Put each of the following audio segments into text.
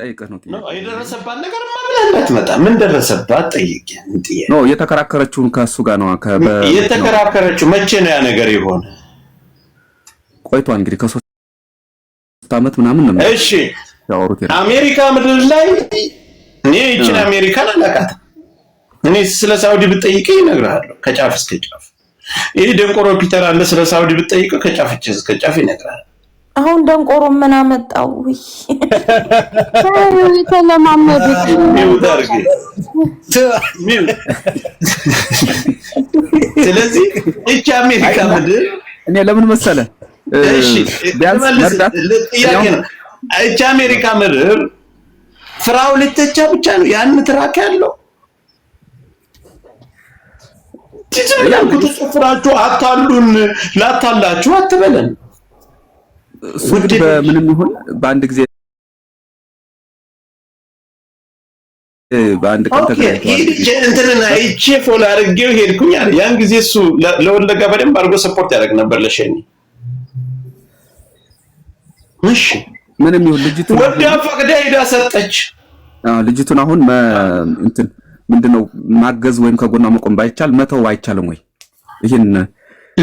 ጠይቅህ ነው የደረሰባት ነገር ማለት መጣ። ምን ደረሰባት ጠይቄ ነው የተከራከረችውን ከእሱ ጋር ነው የተከራከረችው። መቼ ነው ያ ነገር የሆነ? ቆይቷ እንግዲህ ከሶስት ዓመት ምናምን ነው። እሺ አሜሪካ ምድር ላይ እኔ ይችን አሜሪካን አላውቃትም። እኔ ስለ ሳውዲ ብጠይቀኝ ይነግርሃለሁ ከጫፍ እስከ ጫፍ። ይህ ደንቆሮ ፒተር አለ። ስለ ሳውዲ ብጠይቀው ከጫፍ እስከ ጫፍ ይነግርሃል። አሁን ደንቆሮ ምን አመጣው? የተለማመዱት ስለዚህ እቺ አሜሪካ ምድር እኔ ለምን መሰለ እቺ አሜሪካ ምድር ፍራው ልትቻ ብቻ ነው ያን ትራክ ያለው ትጀምራችሁ አታሉን ላታላችሁ አትበለን። ሱድ በምንም ይሁን በአንድ ጊዜ በአንድ ቀን ተገናኝተዋልእንትንና ይቼ ፎል አድርጌው ሄድኩኝ ያን ጊዜ እሱ ለወለጋ በደንብ አድርጎ ሰፖርት ያደርግ ነበር ለሸኒ። እሺ ምንም ይሁን ልጅቱ ወዲያ ፈቅዳ ሄዳ ሰጠች። ልጅቱን አሁን እንትን ምንድነው ማገዝ ወይም ከጎኗ መቆም ባይቻል መተው አይቻልም ወይ ይህን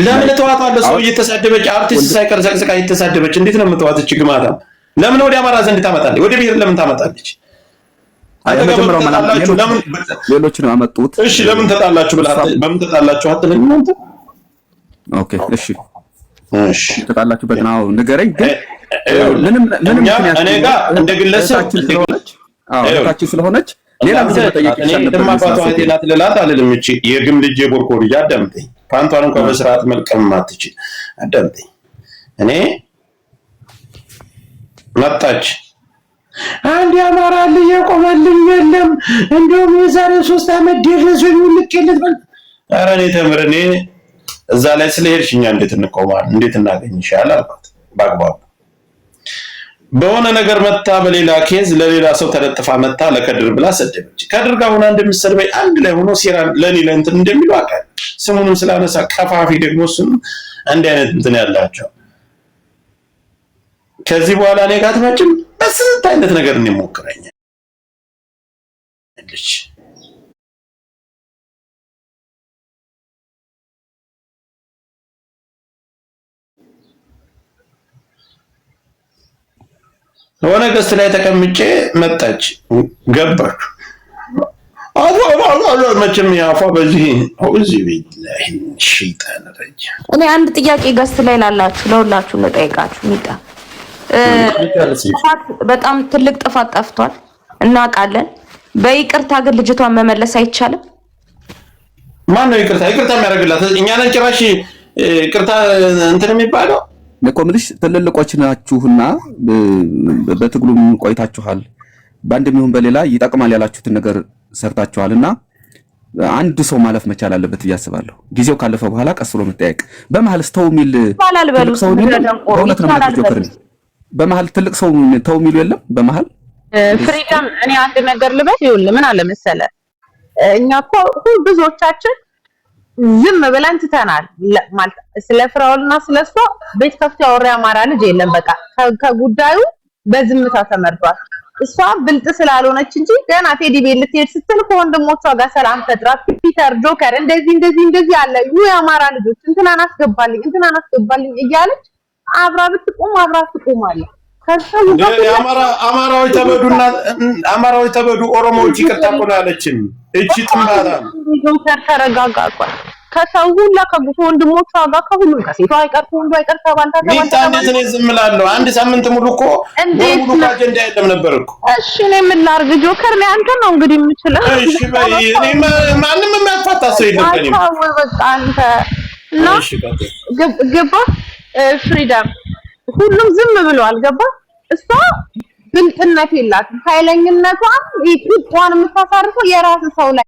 ለምን እተዋታለሁ? ሰው እየተሳደበች አርቲስት ሳይቀር ዘቅዝቃ እየተሳደበች እንዴት ነው የምትዋትች? ግማታ ለምን ወደ አማራ ዘንድ ታመጣለች? ወደ ብሔር ለምን ታመጣለች? ሌሎች ነው ያመጡት። እሺ ለምን ተጣላችሁ በምን ተጣላችሁ አትለኝ። ኦኬ እሺ ተጣላችሁ ተጣላችሁበት ንገረኝ። ግን ምንም ምንም እኔ ጋር እንደ ግለሰብ ታችን ስለሆነች ሌላ ጊዜ መጠየቅ ልላት አልልም። እቺ የግም ልጅ የቦርኮ ልጅ አዳምጠኝ ፓንቷን እንኳ በስርዓት መልቀም ማትችል አዳምጠኝ። እኔ መጣች አንድ የአማራ ልጅ የቆመልኝ የለም። እንዲሁም የዛሬ ሶስት ዓመት ደረሰኝ ልክለት ኧረ እኔ ተምር እኔ እዛ ላይ ስለሄድሽ እኛ እንዴት እንቆማል? እንዴት እናገኝሻል? አልኳት በአግባቡ በሆነ ነገር መታ በሌላ ኬዝ ለሌላ ሰው ተለጥፋ መታ ለከድር ብላ ሰደበች። ከድር ጋር ሆና እንደምትሰድበኝ አንድ ላይ ሆኖ ሴራ ለኔ ለእንትን እንደሚሉ አቃ ስሙንም ስላነሳ ቀፋፊ ደግሞ እሱም አንድ አይነት እንትን ያላቸው ከዚህ በኋላ እኔ ጋር አትመጭም። በስንት አይነት ነገር እንሞክረኝ ልጅ ገስት ላይ ተቀምጬ መጣች ገባች መቼም ያፏ በዚህ እዚህ ቤት ላይ ሸይጣን ረጅ። እኔ አንድ ጥያቄ ገስት ላይ ላላችሁ ለሁላችሁ ልጠይቃችሁ። ሚጣ በጣም ትልቅ ጥፋት ጠፍቷል፣ እናውቃለን። በይቅርታ ግን ልጅቷን መመለስ አይቻልም። ማን ነው ይቅርታ ይቅርታ የሚያደርግላት? እኛ ነን ጭራሽ ይቅርታ እንትን የሚባለው እኮ የምልሽ ትልልቆች ናችሁና በትግሉም ቆይታችኋል በአንድም ይሁን በሌላ ይጠቅማል ያላችሁትን ነገር ሰርታችኋልና አንድ ሰው ማለፍ መቻል አለበት ብዬ አስባለሁ። ጊዜው ካለፈ በኋላ ቀስ ብሎ መጠያየቅ። በመሀል ተው የሚል በመሀል ትልቅ ሰው ተው የሚሉ የለም። በመሀል ፍሪደም። እኔ አንድ ነገር ልበል ይሁን ምን አለ መሰለ፣ እኛ እኮ ብዙዎቻችን ዝም ብለን ትተናል። ማለት ስለ ፍራውልና ስለ እሷ ቤት ከፍቶ ያወራ ያማራ ልጅ የለም። በቃ ከጉዳዩ በዝምታ ተመርጧል። እሷ ብልጥ ስላልሆነች እንጂ ገና ቴዲ ቤት ልትሄድ ስትል ከወንድሞቿ ጋር ሰላም ፈጥራ ፒተር ጆከር እንደዚህ እንደዚህ እንደዚህ አለ ዩ የአማራ ልጆች እንትናን አስገባልኝ እንትናን አስገባልኝ እያለች አብራ ብትቆም አብራ ትቆማለች። አማራዎች ተበዱና አማራዎች ተበዱ ኦሮሞዎች ይቅርታ እኮ ነው ያለችን እቺ ጥምባታ ጆከር ተረጋጋቋል። ከሰው ሁላ ከግፉ ወንድሞቿ ጋር ከሁሉም ከሴቷ አይቀር ከወንዱ አይቀር ከባልታ ሚስት እንዴት እኔ ዝም እላለሁ? አንድ ሳምንት ሙሉ እኮ እንዴት ነው አጀንዳ የለም ነበር እኮ። እሺ እኔ ምን ላድርግ ጆከር፣ እኔ አንተ ነው እንግዲህ የምችለው። እሺ በይ፣ እኔ ማንም የሚያፋታ ሰው የለም ከኔ ታው በቃ አንተ እና ገባ ፍሪደም፣ ሁሉም ዝም ብለዋል። ገባ እሷ ብልጥነት የላትም ኃይለኝነቷን ቁጣዋን የምታሳርፈው የራስ ሰው ላይ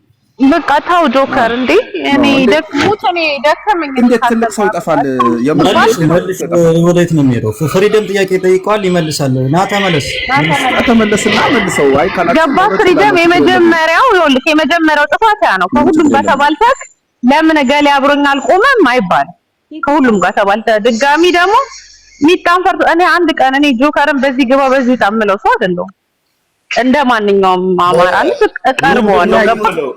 በቃ ታው ጆከር እንዴ እኔ ደክሞት እኔ ደከመኝ። እንዴት ትልቅ ሰው ይጠፋል? ወዴት ነው የሚሄደው? ፍሪደም ጥያቄ ጠይቀዋል፣ ይመልሳል። ና ተመለስ፣ ተመለስና መልሰው። አይ ገባ ፍሪደም። የመጀመሪያው ይኸውልህ፣ የመጀመሪያው ጥፋት ያ ነው። ከሁሉም ጋር ተባልተህ ለምን አብሮኝ አልቆመም አይባልም። ከሁሉም ጋር ተባልተህ ድጋሚ ደግሞ ሚጣንፈር እኔ አንድ ቀን እኔ ጆከርን በዚህ ግባ በዚህ ጣምለው ሰው አይደለሁም እንደ ማንኛውም አማራ እቀርበዋለሁ።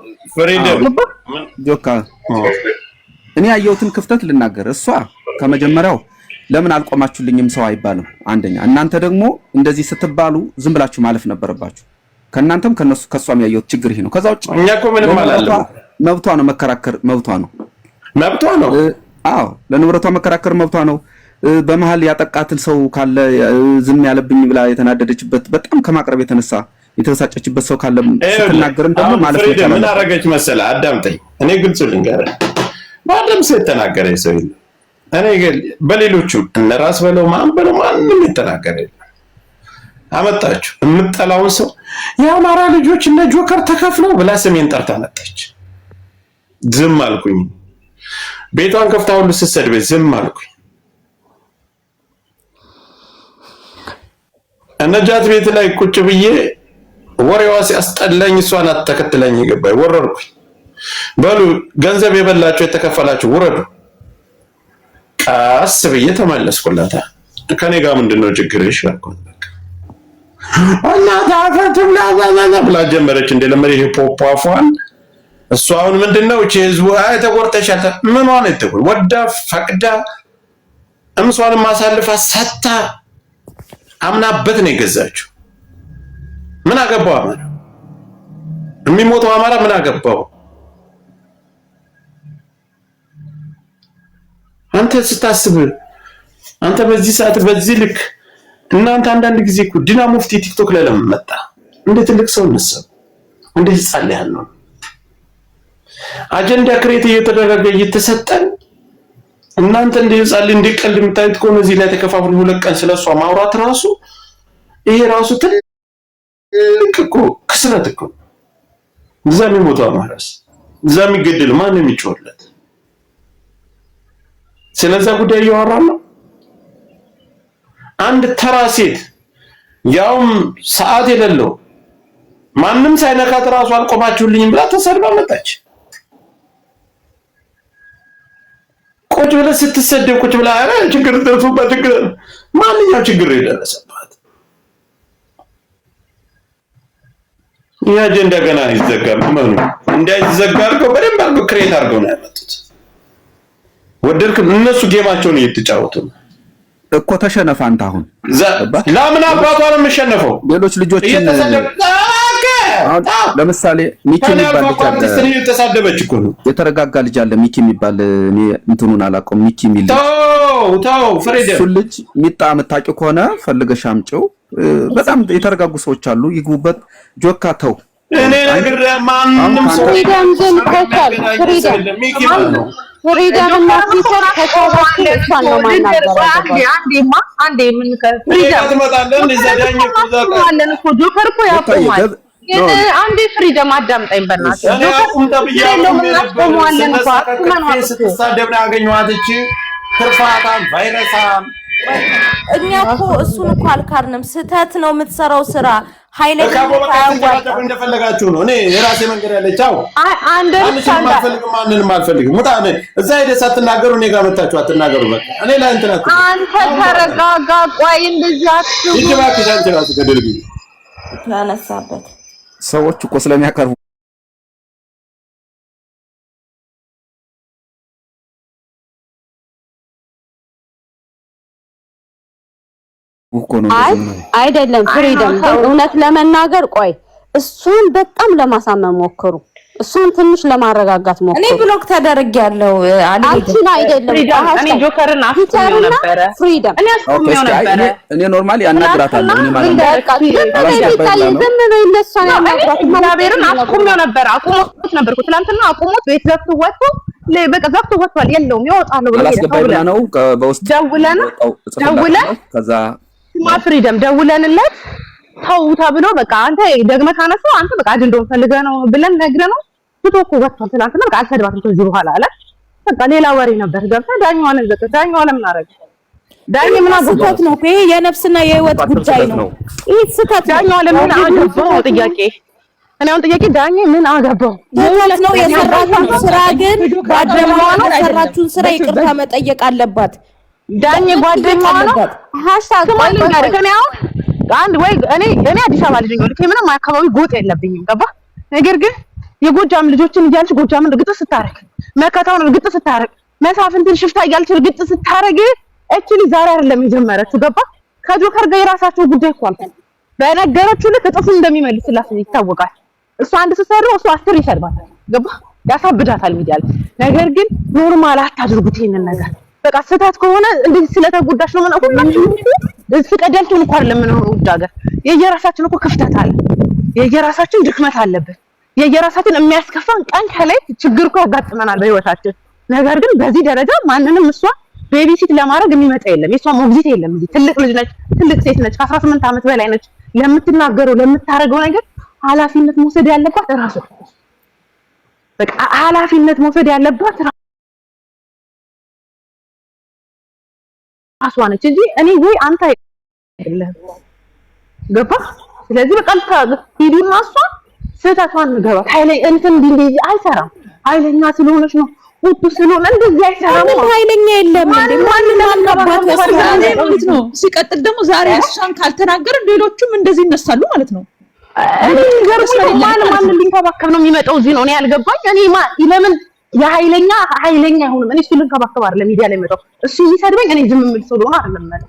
እኔ ያየሁትን ክፍተት ልናገር። እሷ ከመጀመሪያው ለምን አልቆማችሁልኝም ሰው አይባልም። አንደኛ እናንተ ደግሞ እንደዚህ ስትባሉ ዝም ብላችሁ ማለፍ ነበረባችሁ። ከእናንተም ከነሱ ከእሷም ያየሁት ችግር ይሄ ነው። ከዛ ውጭ እኛ እኮ ምንም አላለም። መብቷ ነው መከራከር፣ መብቷ ነው መብቷ ነው። አዎ ለንብረቷ መከራከር መብቷ ነው። በመሀል ያጠቃትን ሰው ካለ ዝም ያለብኝ ብላ የተናደደችበት በጣም ከማቅረብ የተነሳ የተበሳጨችበት ሰው ካለ ስትናገርም ደግሞ ማለት ነው። ምን አረገች መሰለ አዳምጠኝ። እኔ ግልጹ ልንገርህ፣ ማንም ሰው የተናገረ ሰው የለም። እኔ ግን በሌሎቹ እነራስ በለው ማን በለው ማንም የተናገረ የለም። አመጣችሁ የምጠላውን ሰው የአማራ ልጆች እነ ጆከር ተከፍለው ብላ ስሜን ጠርታ መጣች። ዝም አልኩኝ። ቤቷን ከፍታ ሁሉ ስትሰድበኝ ዝም አልኩኝ። ነጃት ቤት ላይ ቁጭ ብዬ ወሬዋ ሲያስጠላኝ እሷን ተከትለኝ ይገባኝ ወረድኩኝ። በሉ ገንዘብ የበላችሁ የተከፈላችሁ ውረዱ። ቀስ ብዬ ተመለስኩላታ። ከኔ ጋር ምንድነው ችግርሽ? እናት አፈትም ብላ ጀመረች። እንደ እንደለመደ ይሄ ፖፓፏን እሱ አሁን ምንድነው እቺ ህዝቡ አይ ተቆርጠሻል። ምኗን የተቆር ወዳ ፈቅዳ እምሷንም አሳልፋ ሰታ አምናበት ነው የገዛችው። ምን አገባው አማራ? የሚሞተው አማራ ምን አገባው? አንተ ስታስብ አንተ በዚህ ሰዓት በዚህ ልክ እናንተ አንዳንድ ጊዜ እኮ ዲና ሙፍቲ ቲክቶክ ላይ ለምን መጣ? እንደ ትልቅ ሰው እንሰብ እንደ ህፃን ያለው አጀንዳ ክሬት እየተደረገ እየተሰጠን እናንተ እንደ ህፃን እንደ ቀልድ የምታዩት ከሆነ እዚህ ላይ ተከፋፍሉ ሁለት ቀን ስለሷ ማውራት ራሱ ይሄ ራሱ ትልቅ እኮ ክስረት እኮ። እዛ የሚሞተው አማራስ እዛ የሚገድል ማን የሚጮህለት? ስለዛ ጉዳይ እያወራን ነው። አንድ ተራ ሴት ያውም ሰዓት የሌለው ማንም ሳይነካት ራሱ አልቆማችሁልኝም ብላ ተሰድባ መጣች። ብለህ ስትሰደብ ቁጭ ብለህ ኧረ ችግር ደርሶባት ችግር ማንኛው ችግር የደረሰባት ይህ አጀንዳ ገና አይዘጋም። መኑ እንዳይዘጋ አድርገው በደንብ አድርገው ክሬት አድርገው ነው ያመጡት። ወደድክም እነሱ ጌማቸውን እየተጫወቱ ነው እኮ ተሸነፍ አንተ አሁን ለምን አባቷ ነው የምሸነፈው ሌሎች ልጆችን ለምሳሌ ሚኪ የሚባል ልጅ አለ፣ የተረጋጋ ልጅ አለ። ሚኪ የሚባል እኔ እንትኑን አላውቀውም። ሚኪ የሚል እሱን ልጅ ሚጣ የምታውቂው ከሆነ ፈልገሽ አምጪው። በጣም የተረጋጉ ሰዎች አሉ፣ ይግቡበት። ጆካ ተው። እኔ ነገር ማንም ሰው ፍሪደም ዘን ከቻል ፍሪደም ሚኪ ማለት ፍሪደም እና ፒተር ከቻላችሁ እሷን ነው ማናገር። አንዴማ አንዴ ምን ከፍሪደም ትመጣለህ። እዛ ዳኛ እኮ ጆከር እኮ ያቆማል ግን አንዴ ፍሪደም አዳምጣኝ በእናትህ። ትርፋታም ቫይረሳም። እኛ እኮ እሱን እኮ ስህተት ነው የምትሰራው ስራ እንደፈለጋችሁ ነው። እኔ የራሴ መንገድ ያለች አልፈልግም፣ ማንንም አልፈልግም። እዛ ሄደህ ሳትናገሩ እኔ ጋር መታችሁ አትናገሩ። እኔ አንተ ተረጋጋ። ቆይ እንደዚህ አትሁን። ተነሳበት ሰዎች እኮ ስለሚያቀርቡ አይደለም ፍሪደም እውነት ለመናገር ቆይ እሱን በጣም ለማሳመን ሞክሩ እሱን ትንሽ ለማረጋጋት ሞክሩ። እኔ ብሎክ ተደርግ ያለው አንቺን አይደለም እኔ ጆከርን አፍቶኝ ነበር። ፍሪደም እኔ ነው ነበር። እኔ ኖርማሊ አናግራታለሁ። እኔ ማለት ነው ነው ነበር አቁሞት ነበርኩ ትናንትና አቁሞት ቤት ዘግቶ ወጥቶ በቃ ዘግቶ ወጥቷል። የለውም ይወጣል ብሎ አላስገባኝ ነው በውስጥ ደውለን ደውለን ከዛ ፍሪደም ደውለንለት ሰው ተብሎ በቃ አንተ ደግመ ካነሳው አንተ በቃ አጀንዳውን ፈልገ ነው ብለን ነግረ ነው ትቶ እኮ ወጥቷል። ትናንትና በቃ አልሰድባትም ከዚህ በኋላ አለ። በቃ ሌላ ወሬ ነበር ገብተህ ዳኛዋን ዘጠ ዳኛዋን ምን አረግ ዳኝ ምን አገባት ነው ይሄ የነፍስና የህይወት ጉዳይ ነው። ይሄ ስህተት ዳኛዋ ለምን አገባው ነው ጥያቄ። እኔ አሁን ጥያቄ ዳኝ ምን አገባው ነው የሰራችሁን ስራ ግን ጓደኛዋ ነው የሰራችሁን ስራ ይቅርታ መጠየቅ አለባት። ዳኝ ጓደኛዋ ነው ሃሽታግ ማለት ነው ከኔ አሁን አንድ ወይ እኔ እኔ አዲስ አበባ ልጅ ነኝ፣ ምንም አካባቢ ጎጥ የለብኝም ገባ። ነገር ግን የጎጃም ልጆችን እያልሽ ጎጃምን እርግጥ ስታረግ፣ መከታውን እርግጥ ስታረግ፣ መሳፍንትን ሽፍታ እያልሽ እርግጥ ስታረግ፣ እቺ ዛሬ አይደለም የጀመረችው ገባ። ከጆከር ጋር የራሳቸው ጉዳይ እኮ አልፈን በነገረችው ልክ እጥፉ እንደሚመልስላት ይታወቃል። እሱ አንድ ስትሰድበው እሱ አስር ይሰድባታል ገባ፣ ያሳብዳታል ሚዲያ ነገር ግን ኖርማል አታድርጉት ይሄንን ነገር በቃ ስህተት ከሆነ እንደዚህ ስለተጎዳሽ ነው ማለት ሁላችንም ፍቀደልቱን እንኳን ለምንኖረው ውጭ ሀገር የየራሳችን እኮ ክፍተት አለ። የየራሳችን ድክመት አለብን። የየራሳችን የሚያስከፋን ቀን ከላይ ችግር እኮ ያጋጥመናል በህይወታችን። ነገር ግን በዚህ ደረጃ ማንንም እሷ ቤቢሲት ለማድረግ የሚመጣ የለም። የእሷ ሞግዚት የለም። እዚህ ትልቅ ልጅ ነች፣ ትልቅ ሴት ነች፣ ከ18 ዓመት በላይ ነች። ለምትናገረው ለምታደርገው ነገር ኃላፊነት መውሰድ ያለባት እራሱ በቃ ኃላፊነት መውሰድ ያለባት ራሷ ነች እንጂ እኔ ወይ አንተ አይደለህም። ገባህ? ስለዚህ በቃ ሂድና እሷ ስህተቷን ንገባት። ኃይለ እንትን እንዲህ አይሰራም። ኃይለኛ ስለሆነች ነው ውጡ ስለሆነ እንደዚህ አይሰራም። ኃይለኛ የለም እንዴ ማንም አልነባት ማለት ነው። ሲቀጥል ደግሞ ዛሬ እሷን ካልተናገር ሌሎቹም እንደዚህ ይነሳሉ ማለት ነው። እኔ ገርሞኝ ማን ማን ሊንከባከብ ነው የሚመጣው? እዚህ ነው እኔ ያልገባኝ። እኔ ማ ለምን የኃይለኛ ኃይለኛ አይሆንም። እኔ እሱ ልንከባከብ አይደለም ሚዲያ ላይ መጣው እሱ የሚሰድበኝ እኔ ዝም የምል ሰው ልሆን አይደለም።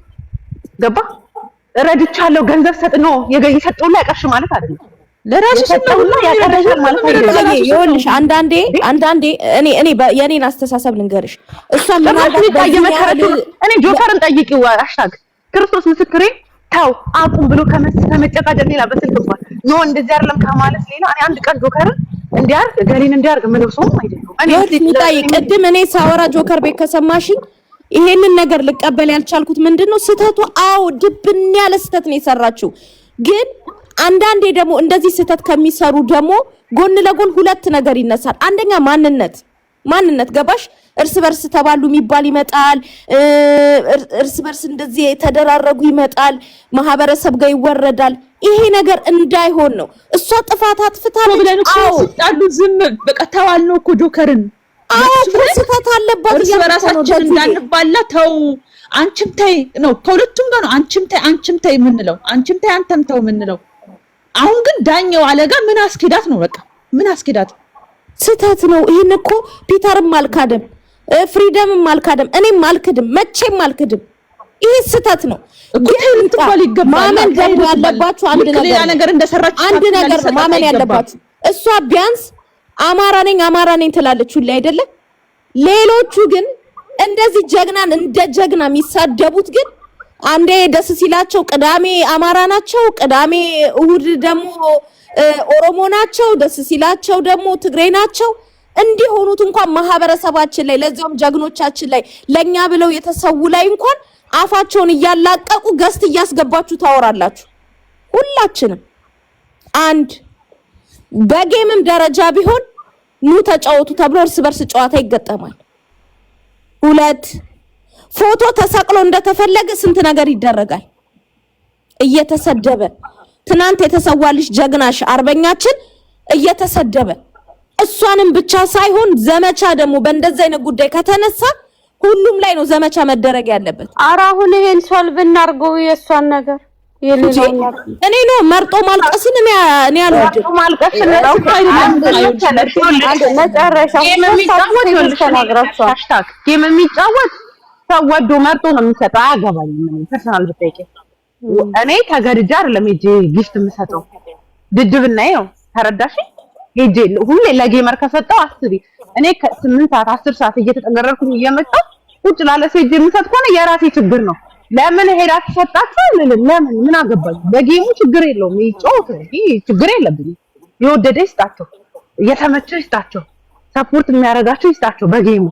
ገባ እረድቻለሁ ገንዘብ ሰጥ ነው የሰጠውላ ያቀርሽ ማለት አይደለም። ለራስሽ ያቀርሽ ማለት አይደለም። ይኸውልሽ አንዳንዴ አንዳንዴ እኔ እኔ የኔን አስተሳሰብ ልንገርሽ። እሷ ምን አለ እኔ ጆከርን ጠይቂው ሃሽታግ ክርስቶስ ምስክሬ ተው አቁም ብሎ ከመስ ከመጨቃጨቅ ሌላ በስልክ እንኳን ኖ እንደዚህ አይደለም ከማለት ሌላ እኔ አንድ ቀን ጆከርን እንዲያርግ ገሪን እንዲያርግ ምንም አይደለም። እኔ ቅድም እኔ ሳወራ ጆከር ቤት ከሰማሽኝ ይሄንን ነገር ልቀበል ያልቻልኩት ምንድን ነው ስህተቱ። አዎ ድብን ያለ ስህተት ነው የሰራችው። ግን አንዳንዴ ደግሞ እንደዚህ ስህተት ከሚሰሩ ደግሞ ጎን ለጎን ሁለት ነገር ይነሳል። አንደኛ ማንነት ማንነት ገባሽ እርስ በርስ ተባሉ የሚባል ይመጣል። እርስ በርስ እንደዚህ የተደራረጉ ይመጣል። ማህበረሰብ ጋር ይወረዳል። ይሄ ነገር እንዳይሆን ነው። እሷ ጥፋት አጥፍታ ብለን ጣሉ ዝም በቃ ነው እኮ ጆከርን ስህተት አለባት። እርስ በራሳችን እንዳንባላ ተው፣ አንቺም ተይ ነው ከሁለቱም ጋር ነው። አንቺም ተይ አንቺም ተይ የምንለው አንቺም ተይ አንተም ተው የምንለው አሁን ግን ዳኛው አለጋ ምን አስኪዳት ነው በቃ ምን አስኪዳት ስህተት ነው። ይህን እኮ ፒተርም አልካደም። ፍሪደምም አልካደም፣ እኔም አልክድም፣ መቼም አልክድም። ይህ ስህተት ነው። ማመን ደግሞ ያለባችሁ አንድ ነገር አንድ ነገር ማመን ያለባችሁ እሷ ቢያንስ አማራ ነኝ አማራ ነኝ ትላለች ሁሌ አይደለ? ሌሎቹ ግን እንደዚህ ጀግናን እንደ ጀግና የሚሳደቡት ግን አንዴ ደስ ሲላቸው ቅዳሜ አማራ ናቸው፣ ቅዳሜ እሁድ ደግሞ ኦሮሞ ናቸው፣ ደስ ሲላቸው ደግሞ ትግሬ ናቸው። እንዲሆኑት እንኳን ማህበረሰባችን ላይ ለዚያውም ጀግኖቻችን ላይ ለኛ ብለው የተሰው ላይ እንኳን አፋቸውን እያላቀቁ ገስት እያስገባችሁ ታወራላችሁ። ሁላችንም አንድ በጌምም ደረጃ ቢሆን ኑ ተጫወቱ ተብሎ እርስ በርስ ጨዋታ ይገጠማል። ሁለት ፎቶ ተሰቅሎ እንደተፈለገ ስንት ነገር ይደረጋል። እየተሰደበ ትናንት የተሰዋልሽ ጀግናሽ አርበኛችን እየተሰደበ እሷንም ብቻ ሳይሆን ዘመቻ ደግሞ በእንደዚህ አይነት ጉዳይ ከተነሳ ሁሉም ላይ ነው ዘመቻ መደረግ ያለበት። ኧረ አሁን ይሄን ሶልቭ እናርገው የእሷን ነገር እኔ ነው መርጦ ማልቀስን እኔ እኔ አልወድም። የሚጫወት ሰው ወዶ መርጦ ነው የሚሰጠው። አያገባኝም። ፐርሰናል ብትጠይቂኝ እኔ ተገድጄ አይደለም ሂጅ ጊፍት የምሰጠው ድድብና ነው። ተረዳሽኝ? ሄጄ ሁሌ ለጌመር ከሰጠው አስቢ እኔ ከስምንት ሰዓት አስር ሰዓት እየተጠገረርኩኝ እየመጣሁ ቁጭ ላለ ሰው ሄጄ የምሰጥ ከሆነ የራሴ ችግር ነው። ለምን ሄዳ ሰጣችሁ አልልም። ለምን ምን አገባኝ? በጌሙ ችግር የለውም ይጫወቱ እንጂ ችግር የለብኝም። የወደደ ይስጣቸው፣ የተመቸ ይስጣቸው፣ ሰፖርት የሚያደርጋቸው ይስጣቸው በጌሙ